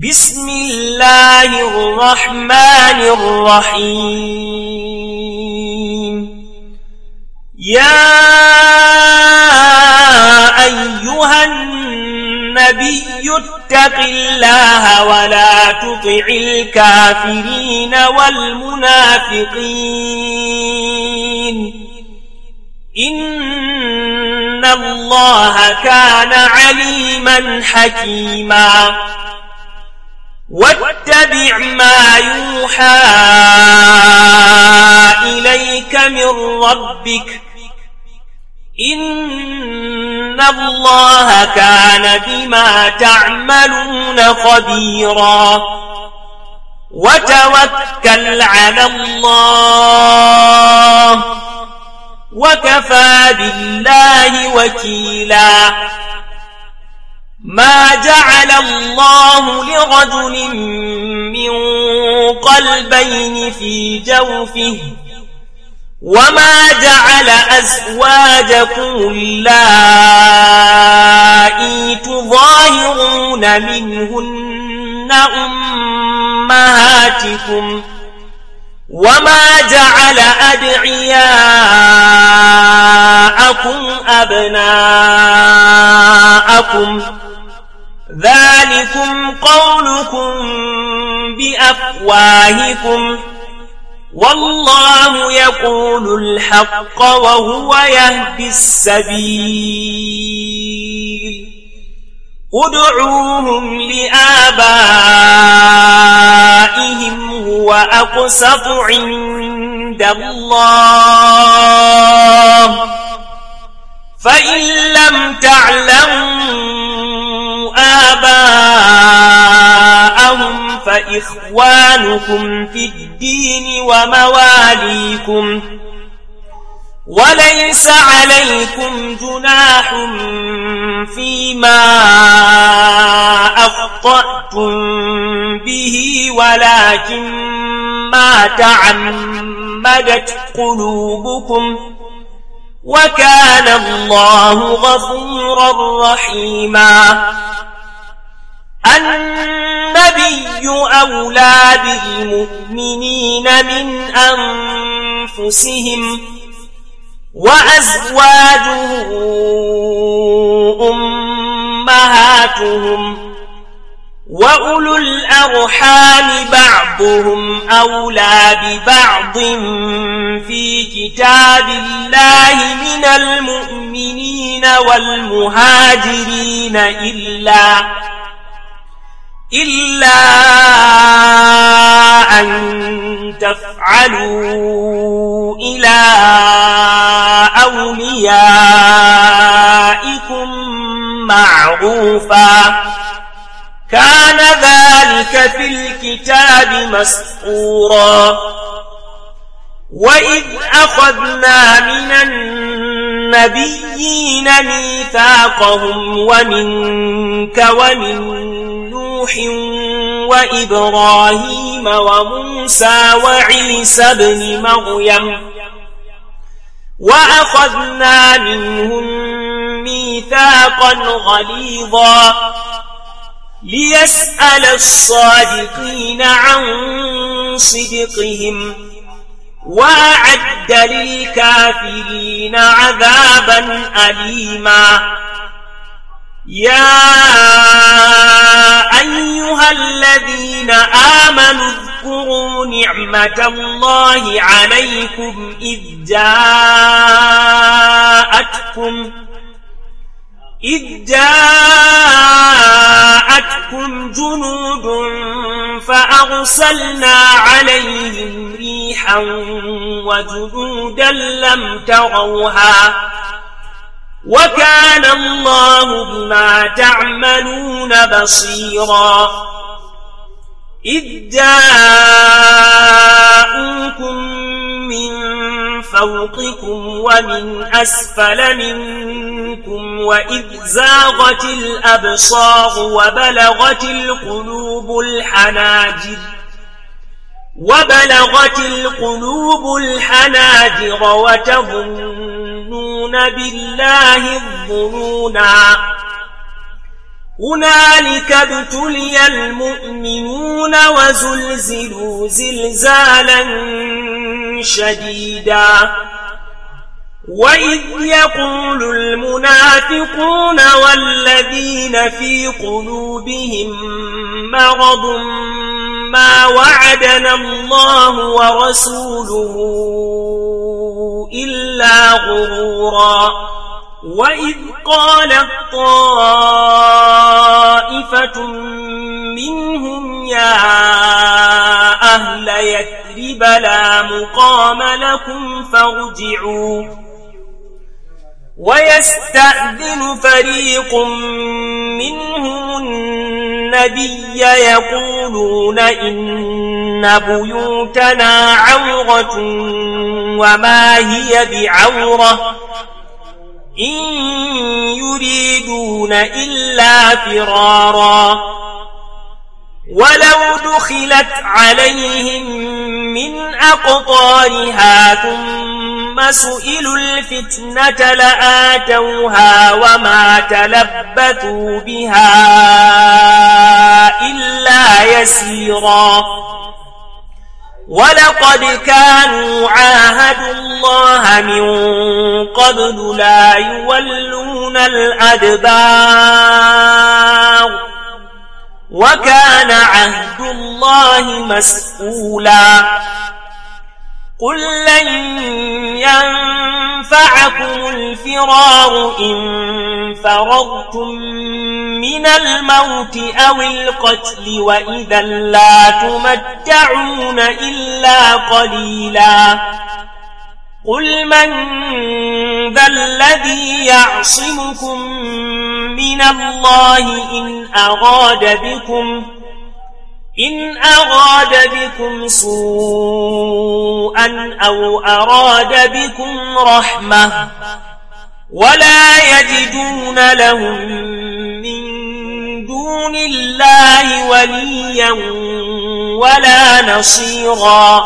بسم الله الرحمن الرحيم يا أيها النبي اتق الله ولا تطع الكافرين والمنافقين إن الله كان عليما حكيما واتبع ما يوحى إليك من ربك إن الله كان بما تعملون خبيرا وتوكل على الله وكفى بالله وكيلا ما جعل الله لرجل من قلبين في جوفه وما جعل أزواجكم اللائي تظاهرون منهن أمهاتكم وما جعل أدعياءكم أبناءكم ذلكم قولكم بأفواهكم والله يقول الحق وهو يهدي السبيل ادعوهم لآبائهم هو أقسط عند الله فإن لم تعلموا آباءهم فإخوانكم في الدين ومواليكم وليس عليكم جناح فيما أخطأتم به ولكن ما تعمدت قلوبكم وكان الله غفورا رحيما النبي أولى بالمؤمنين من أنفسهم وأزواجه أمهاتهم وأولو الأرحام بعضهم أولى ببعض في كتاب الله من المؤمنين والمهاجرين إلا إلا أن تفعلوا إلى أوليائكم معروفا كان ذلك في الكتاب مسطورا وإذ أخذنا من النبيين ميثاقهم ومنك ومن نوح وإبراهيم وموسى وعيسى بن مريم وأخذنا منهم ميثاقا غليظا ليسأل الصادقين عن صدقهم وأعد للكافرين عذابا أليما يا أيها الذين آمنوا اذكروا نعمة الله عليكم إذ جاءتكم إذ جاءتكم جنود فأرسلنا عليهم ريحا وجنودا لم تروها وكان الله بما تعملون بصيرا إذ جاءوكم من فوقكم ومن أسفل منكم وإذ زاغت الأبصار وبلغت القلوب الحناجر وبلغت القلوب الحناجر وتظنون يؤمنون بالله الظنونا هنالك ابتلي المؤمنون وزلزلوا زلزالا شديدا وإذ يقول المنافقون والذين في قلوبهم مرض ما وعدنا الله ورسوله إلا غرورا وإذ قالت طائفة منهم يا أهل يثرب لا مقام لكم فارجعوا ويستأذن فريق منهم النبي يقولون إن بيوتنا عورة وما هي بعورة إن يريدون إلا فرارا ولو دخلت عليهم من أقطارها ثم ثم سئلوا الفتنة لآتوها وما تلبثوا بها إلا يسيرا ولقد كانوا عاهدوا الله من قبل لا يولون الأدبار وكان عهد الله مسؤولا قل لن ينفعكم الفرار إن فرضتم من الموت أو القتل وإذا لا تمتعون إلا قليلا قل من ذا الذي يعصمكم من الله إن أراد بكم إن أراد بكم سوءا أو أراد بكم رحمة ولا يجدون لهم من دون الله وليا ولا نصيرا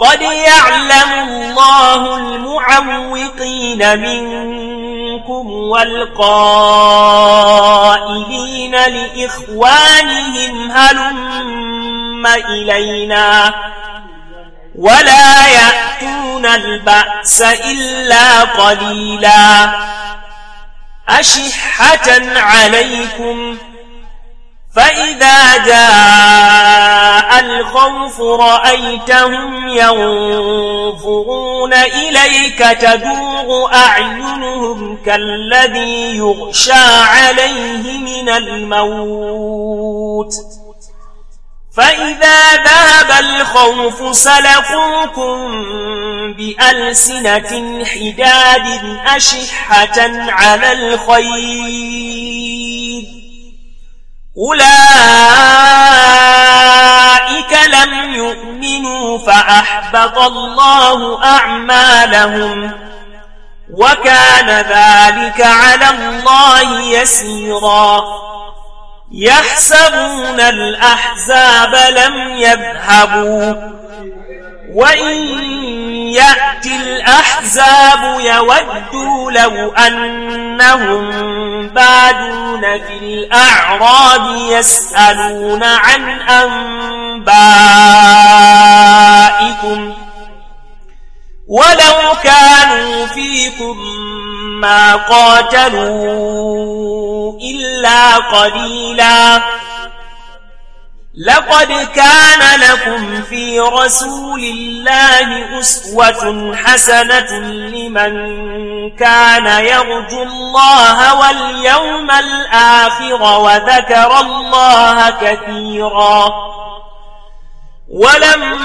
قد يعلم الله المعوقين منكم والقائلين لإخوانهم هلم إلينا ولا يأتون البأس إلا قليلا أشحة عليكم فإذا جاء الخوف رأيتهم ينفرون إليك تدور أعينهم كالذي يغشى عليه من الموت فإذا ذهب الخوف سلقوكم بألسنة حداد أشحة على الخير أولئك لم يؤمنوا فأحبط الله أعمالهم وكان ذلك على الله يسيرا يحسبون الأحزاب لم يذهبوا وإن يأتي الأحزاب يودوا لو أنهم بادون في الأعراب يسألون عن أنبائكم ولو كانوا فيكم ما قاتلوا إلا قليلاً لقد كان لكم في رسول الله أسوة حسنة لمن كان يرجو الله واليوم الآخر وذكر الله كثيرا ولم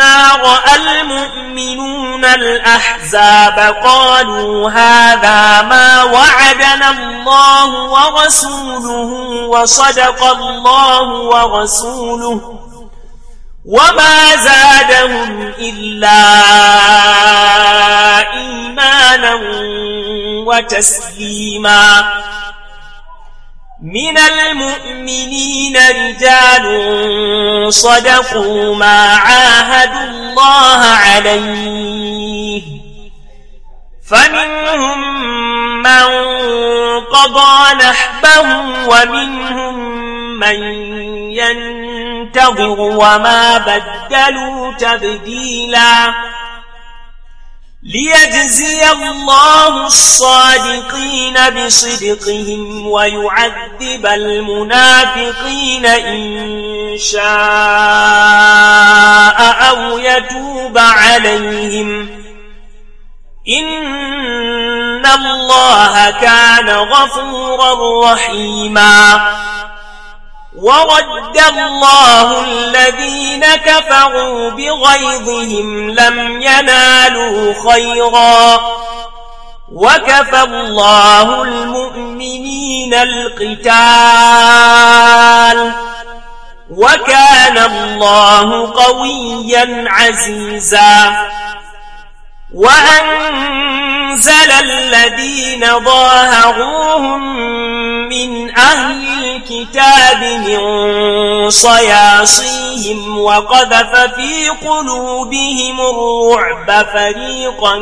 فلما رأى المؤمنون الأحزاب قالوا هذا ما وعدنا الله ورسوله وصدق الله ورسوله وما زادهم إلا إيمانا وتسليما من المؤمنين رجال صدقوا ما عاهدوا الله عليه فمنهم من قضى نحبه ومنهم من ينتظر وما بدلوا تبديلاً ليجزي الله الصادقين بصدقهم ويعذب المنافقين إن شاء أو يتوب عليهم إن الله كان غفورا رحيما ورد الله الذين كفروا بغيظهم لم ينالوا خيرا وكفى الله المؤمنين القتال وكان الله قويا عزيزا وأنزل الذين ظاهروهم من أهل الكتاب من صياصيهم وقذف في قلوبهم الرعب فريقا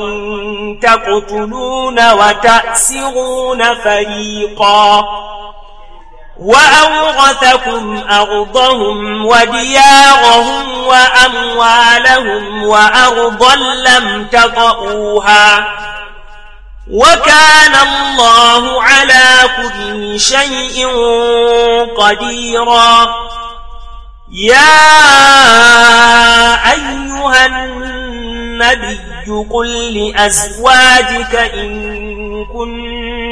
تقتلون وتأسرون فريقا وأورثكم أرضهم وديارهم وأموالهم وأرضا لم تطئوها وكان الله على كل شيء قديرا يا أيها النبي قل لأزواجك إن إن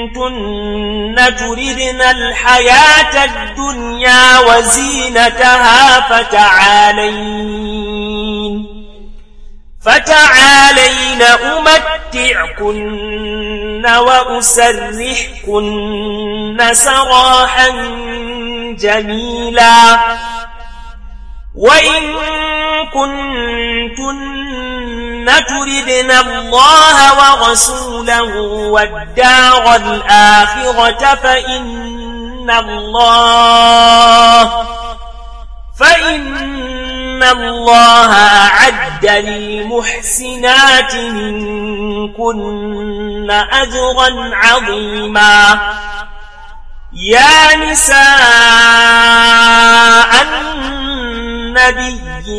كنتن تردن الحياة الدنيا وزينتها فتعالين فتعالين أمتعكن وأسرحكن سراحا جميلا وإن كنتن تردن الله ورسوله والدار الآخرة فإن الله فإن الله أعد للمحسنات منكن أجرا عظيما يا نساء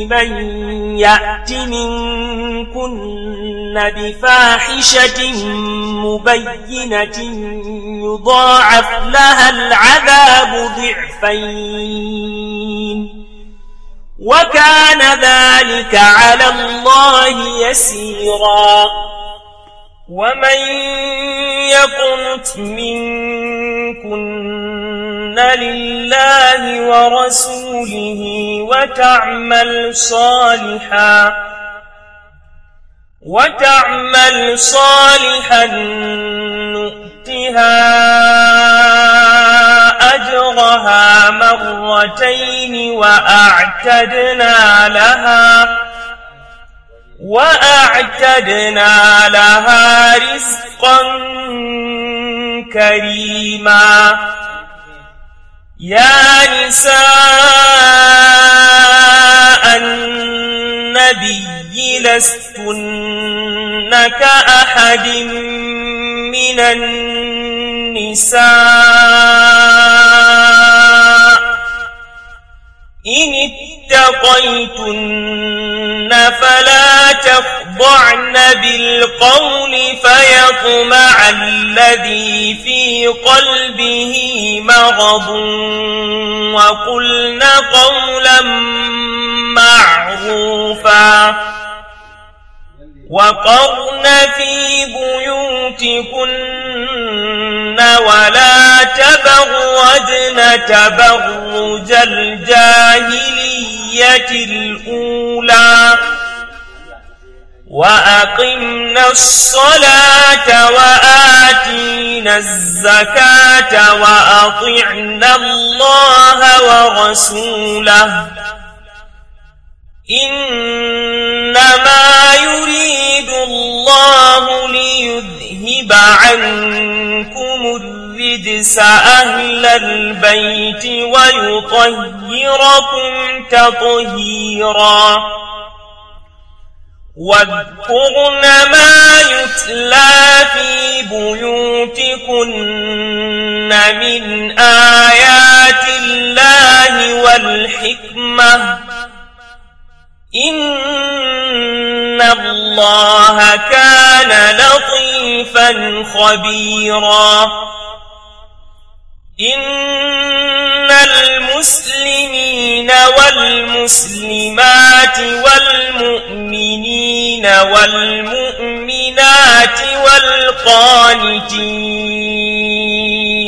من يأت منكن بفاحشة مبينة يضاعف لها العذاب ضعفين وكان ذلك على الله يسيرا ومن يقنت منكن لله ورسوله وتعمل صالحا وتعمل صالحا نؤتها أجرها مرتين وأعتدنا لها وأعتدنا لها رزقا كريما يا نساء النبي لستن كأحد من النساء إن اتقيتن فلا تخضعن بالقول فيطمع الذي في قلبه مرض وقلن قولا معروفا وقرن في بيوتكن ولا تبرجن تبرج الجاهلية الأولى وأقمنا الصلاة وآتينا الزكاة وأطعنا الله ورسوله إنما يريد الله ليذهب عنكم الرجس أهل البيت ويطهركم تطهيرا واذكرن ما يتلى في بيوتكن من آيات الله والحكمة إن الله كان لطيفا خبيرا إن المسلمين والمسلمات والمؤمنين والمؤمنات والقانتين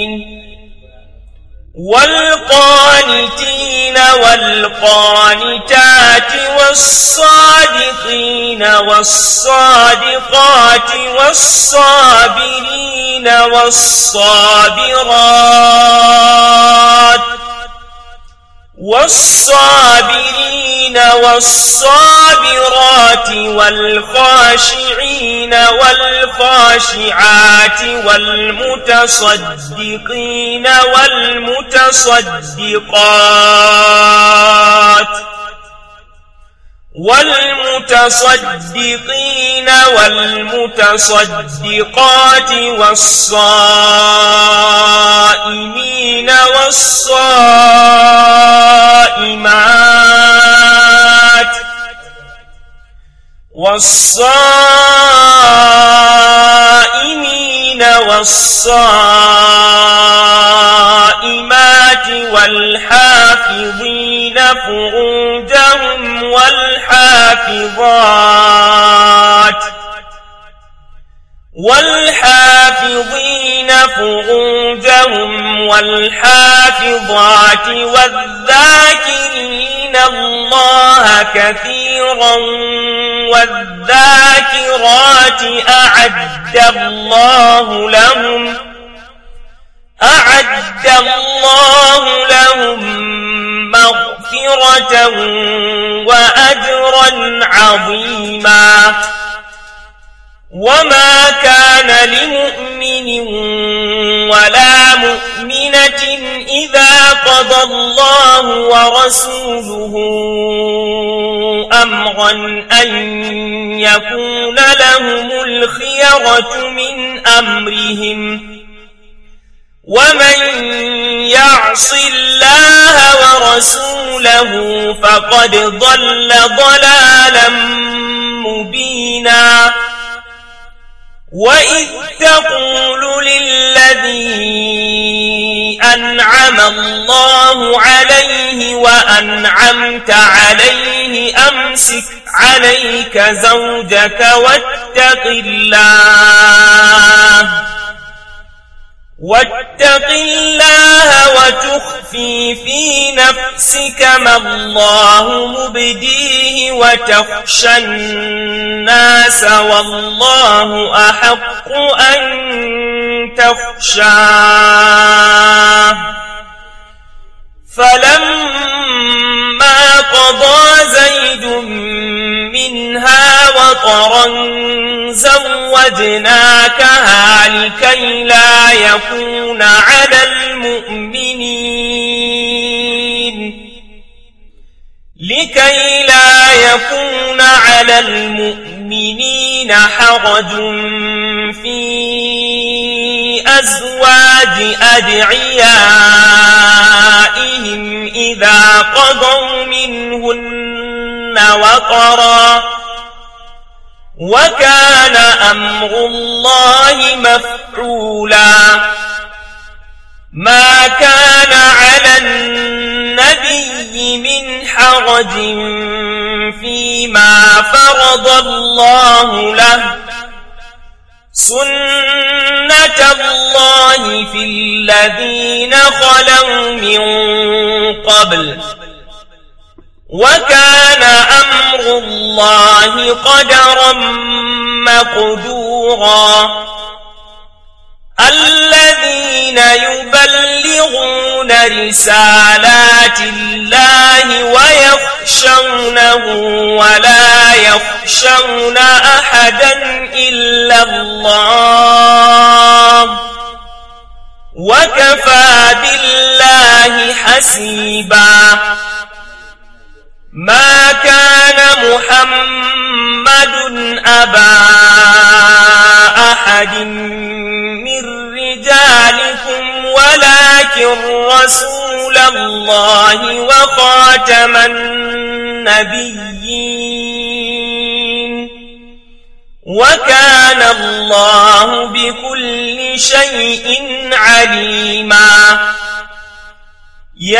والقانتين والقانتات والصادقين والصادقات والصابرين والصابرات والصابرين والصابرات والخاشعين والخاشعات والمتصدقين والمتصدقات والمتصدقين والمتصدقات والصائمين والصائمات والصائمين والصائمات والحافظين فروجهم والحافظات والحافظين فروجهم والحافظات والذاكرين الله كثيرا والذاكرات أعد الله لهم أعد الله لهم مغفرة وأجرا عظيما وما كان لمؤمن ولا مؤمنة إذا قضى الله ورسوله أمرا أن يكون لهم الخيرة من أمرهم ومن يعص الله ورسوله فقد ضل ضلالا مبينا وإذ تقول للذي أنعم الله عليه وأنعمت عليه أمسك عليك زوجك واتق الله واتق الله وتخفي في نفسك ما الله مبديه وتخشى الناس والله أحق أن تخشاه فلما بقرا زوجناكها لكي لا يكون على المؤمنين لكي لا يكون على المؤمنين حرج في أزواج أدعيائهم إذا قضوا منهن وقرا وكان أمر الله مفعولا ما كان على النبي من حرج فيما فرض الله له سنة الله في الذين خلوا من قبل وكان أمر الله قدرا مقدورا الذين يبلغون رسالات الله ويخشونه ولا يخشون أحدا إلا الله وكفى بالله حسيبا ما كان محمد أبا أحد من رجالكم ولكن رسول الله وخاتم النبيين وكان الله بكل شيء عليما يا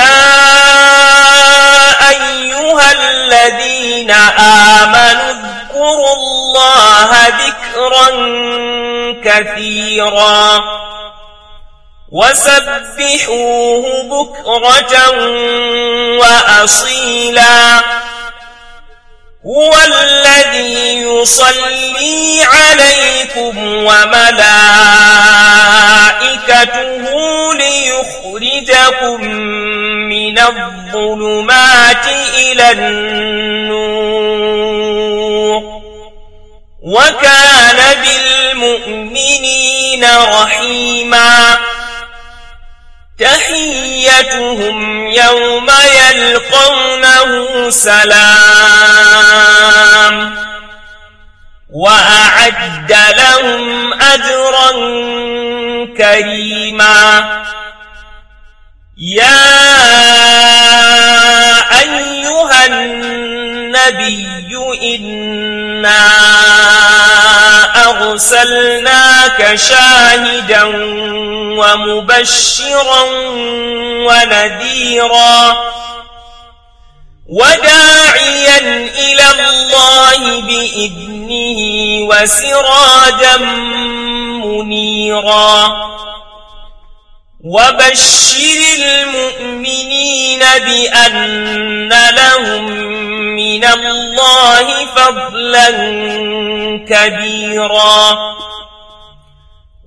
أيها الذين آمنوا اذكروا الله ذكرا كثيرا وسبحوه بكرة وأصيلا هو الذي يصلي عليكم وملائكته ملائكته ليخرجكم من الظلمات إلى النور وكان بالمؤمنين رحيما تحيتهم يوم يلقونه سلام وأعد لهم أجرا كريما يا أيها النبي إنا أرسلناك شاهدا ومبشرا ونذيرا وداعيا إلى الله بإذنه وسراجا منيرا وبشر المؤمنين بأن لهم من الله فضلا كبيرا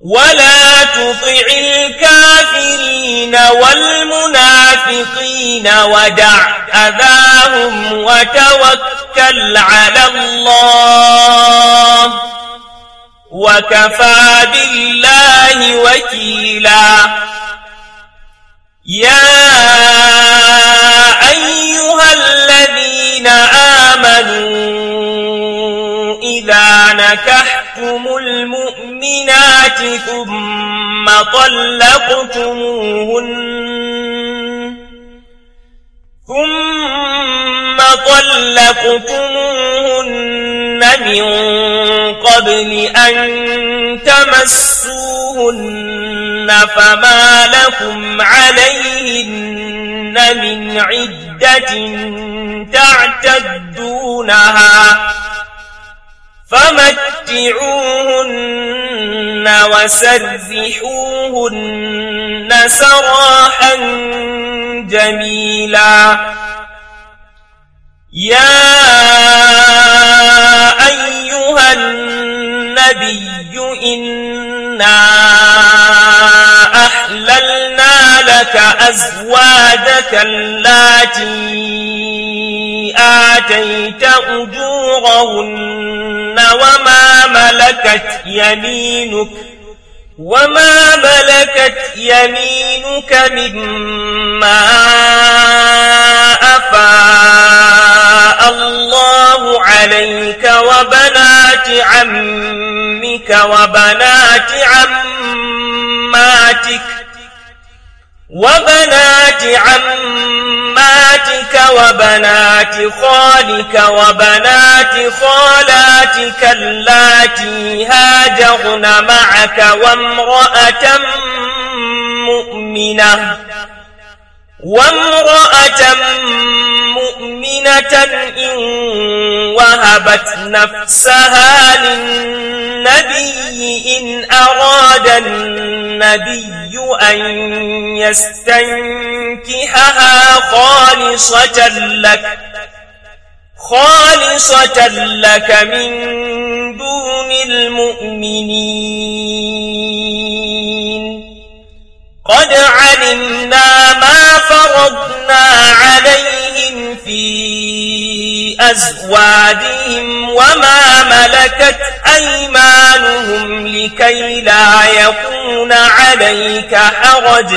ولا تطع الكافرين والمنافقين ودع أذاهم وتوكل على الله وكفى بالله وكيلا يا أيها الذين آمنوا إذا نكح المؤمنات ثم طلقتموهن ثم طلقتموهن من قبل أن تمسوهن فما لكم عليهن من عدة تعتدونها فمتعوهن وسرحوهن سراحا جميلا يا أيها النبي إنا أحللنا لك أزواجك اللاتي آتيت أجورهن وما ملكت يمينك وما ملكت يمينك مما أفاء الله عليك وبنات عمك وبنات عماتك وبنات عماتك وبنات خالك وبنات خالاتك اللاتي هاجرن معك وامرأة مؤمنة وامرأة مؤمنة إن وهبت نفسها للنبي إن أراد النبي أن يستنكحها خالصة لك خالصة لك من دون المؤمنين قد علمنا ما فرضنا عليهم في أزوادهم وما ملكت أيمانهم لكي لا يكون عليك حرج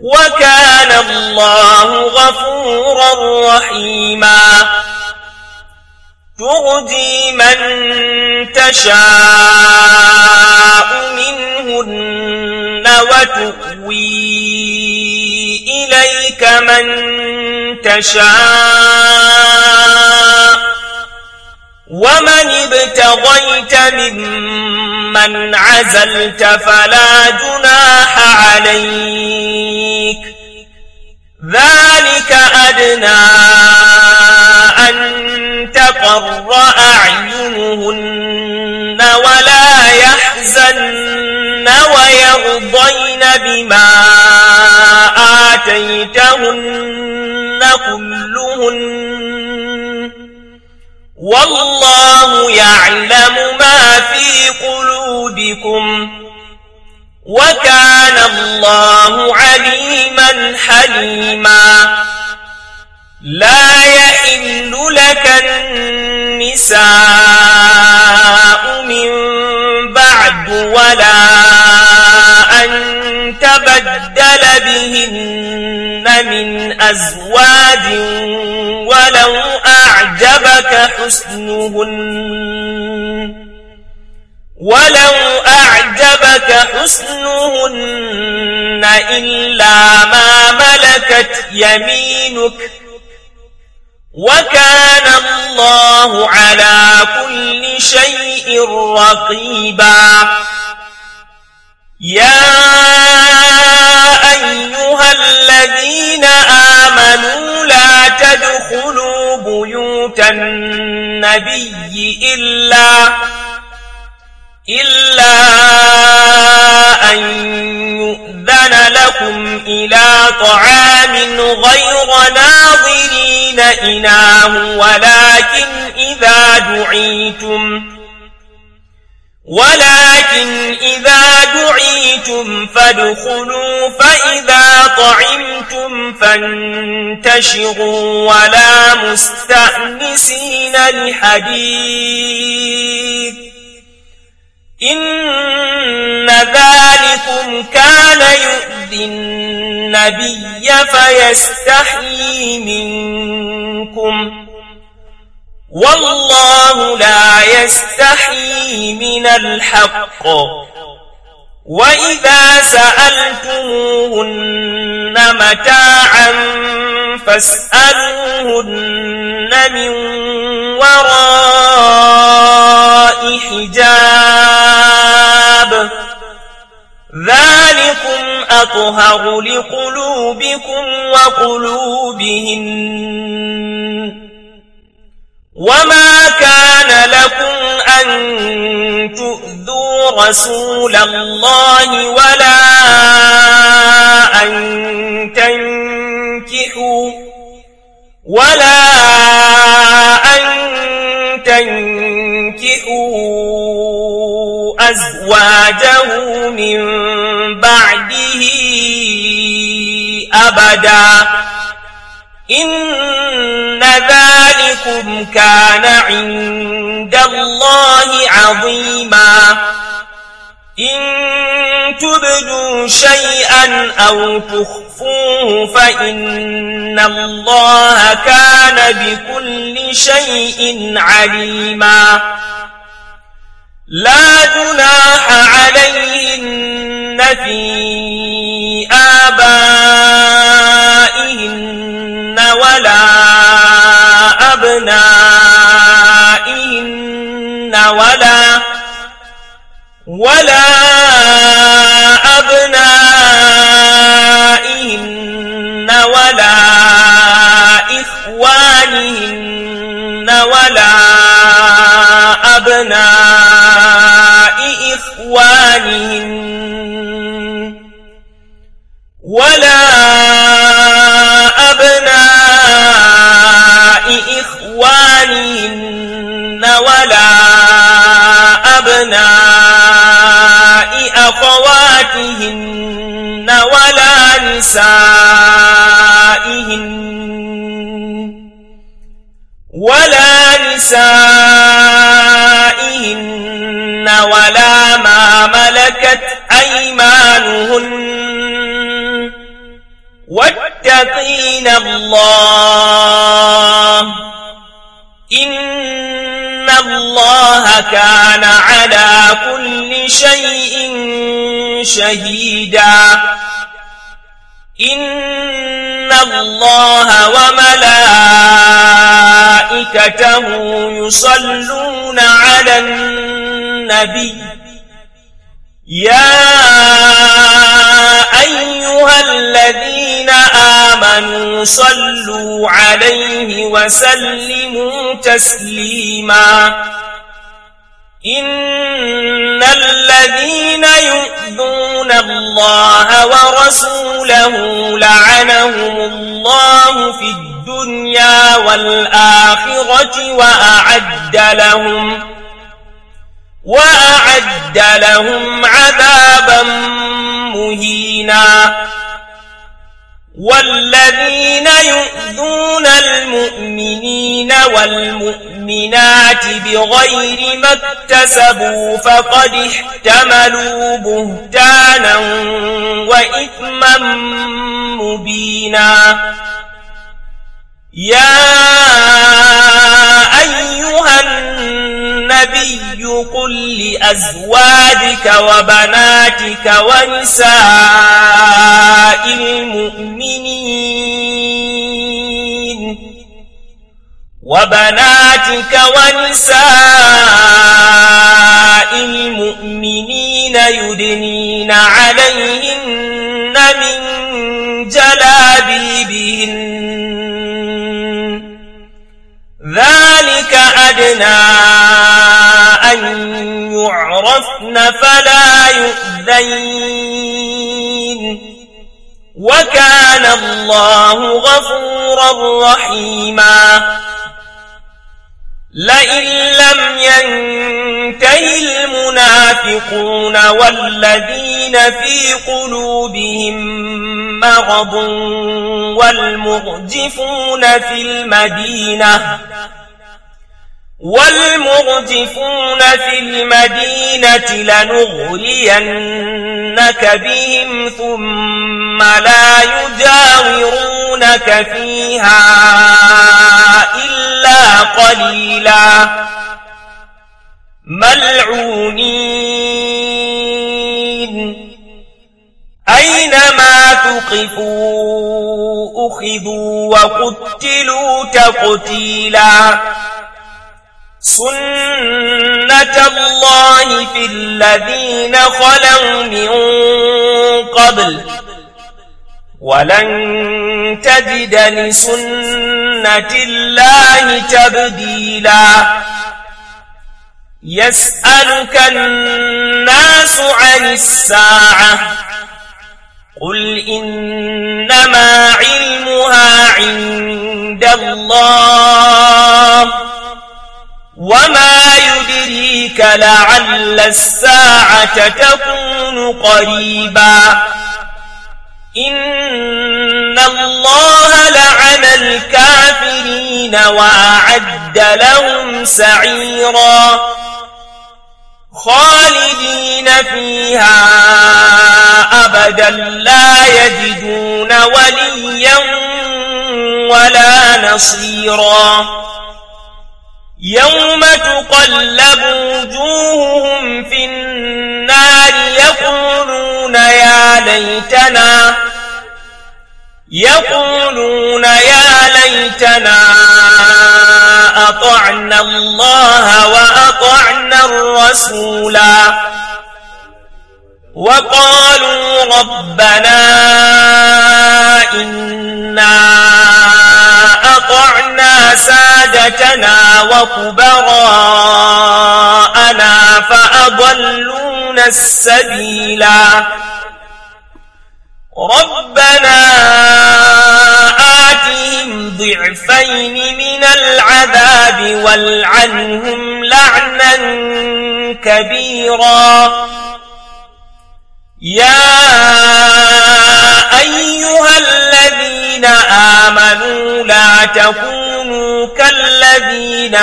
وكان الله غفورا رحيما تغدي من تشاء منهن وتؤوي إليك من تشاء ومن ابتغيت ممن عزلت فلا جناح عليك ذلك أدنى أن تقر أعينهن ولا يحزن ويرضين بما آتيتهن كلهن والله يعلم ما في قلوبكم وكان الله عليما حليما لا يحل لك النساء من بعد ولا أن تبدل بهن من أزواج ولو أعجبك حسنهن ولو أعجبك حسنهن إلا ما ملكت يمينك وكان الله على كل شيء رقيبا يا أيها الذين آمنوا لا تدخلوا بيوت النبي إلا إلا أن أذن لكم إلى طعام غير ناظرين إناه ولكن إذا دعيتم ولكن إذا دعيتم فادخلوا فإذا طعمتم فانتشروا ولا مستأنسين لحديث إن ذلكم كان يؤذي النبي فيستحيي منكم والله لا يستحيي من الحق وإذا سألتموهن متاعا فاسألوهن من وراء حجاب ذلكم أطهر لقلوبكم وقلوبهن وما كان لكم أن تؤذوا رسول الله ولا أن تنكحوا ولا أن تنكحوا أزواجه من بعده أبداً إن ذلكم كان عند الله عظيما إن تبدوا شيئا أو تخفوه فإن الله كان بكل شيء عليما لا جناح عليهن في ولا أبنائهن ولا إخوانهن ولا أبناء إخوانهن ولا أبناء إخوانهن نسائهن ولا نسائهن ولا ما ملكت أيمانهن واتقين الله إن الله كان على كل شيء شهيداً إن الله وملائكته يصلون على النبي يا أيها الذين آمنوا صلوا عليه وسلموا تسليماً إن الذين يؤذون الله ورسوله لعنهم الله في الدنيا والآخرة وأعد لهم وأعد لهم عذابا مهينا والذين يؤذون المؤمنين والمؤمنات بغير ما اكتسبوا فقد احتملوا بهتانا وإثما مبينا يا أيها الناس النبي قل لأزواجك وبناتك ونساء المؤمنين وبناتك ونساء المؤمنين يدنين عليهن من جلابيبهن ذلك أدنى أن يعرفن فلا يؤذين وكان الله غفورا رحيما لئن لم ينتهي المنافقون والذين في قلوبهم مرض والمرجفون في المدينة والمرجفون في المدينة لنغرينك بهم ثم لا يجاورونك فيها إلا قليلا ملعونين أينما تقفوا أخذوا وقتلوا تقتيلا سنة الله في الذين خلوا من قبل ولن تجد لسنة الله تبديلا يسألك الناس عن الساعة قل إنما علمها عند الله وما يدريك لعل الساعة تكون قريبا إن الله لعن الكافرين وأعد لهم سعيرا خالدين فيها أبدا لا يجدون وليا ولا نصيرا يوم تقلب وجوههم في النار يقولون يا ليتنا يقولون يا ليتنا أطعنا الله وأطعنا الرسولا وقالوا ربنا إِنَّا سادتنا وكبراءنا فأضلون السبيلا ربنا آتهم ضعفين من العذاب والعنهم لعنا كبيرا يا أيها الذين آمنوا لا تكونوا الذين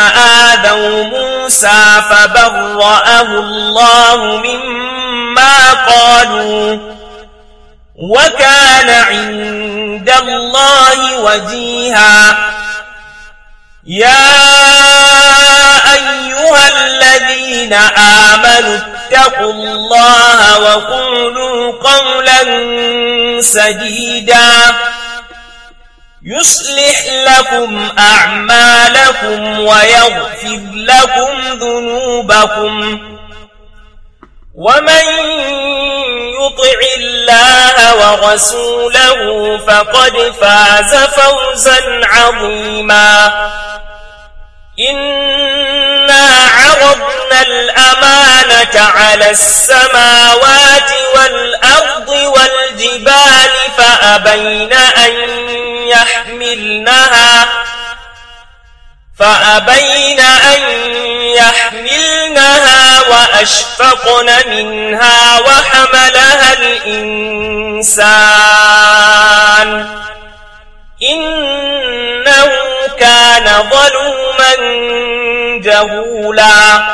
آذوا موسى فبرأه الله مما قالوا وكان عند الله وجيها يا أيها الذين آمنوا اتقوا الله وقولوا قولا سديدا يصلح لكم أعمالكم ويغفر لكم ذنوبكم ومن يطع الله ورسوله فقد فاز فوزا عظيما إن إنا عرضنا الأمانة على السماوات والأرض والجبال فأبين أن يحملنها فأبين أن يحملنها وأشفقن منها وحملها الإنسان إنه كان ظلوما جهولا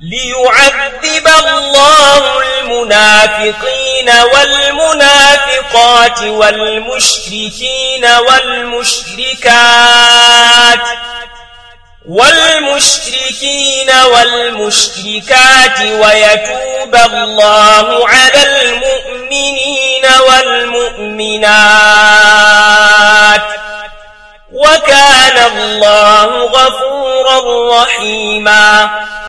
ليعذب الله المنافقين والمنافقات والمشركين والمشركات والمشركين والمشركات ويتوب الله على المؤمنين والمؤمنات وكان الله غفورا رحيما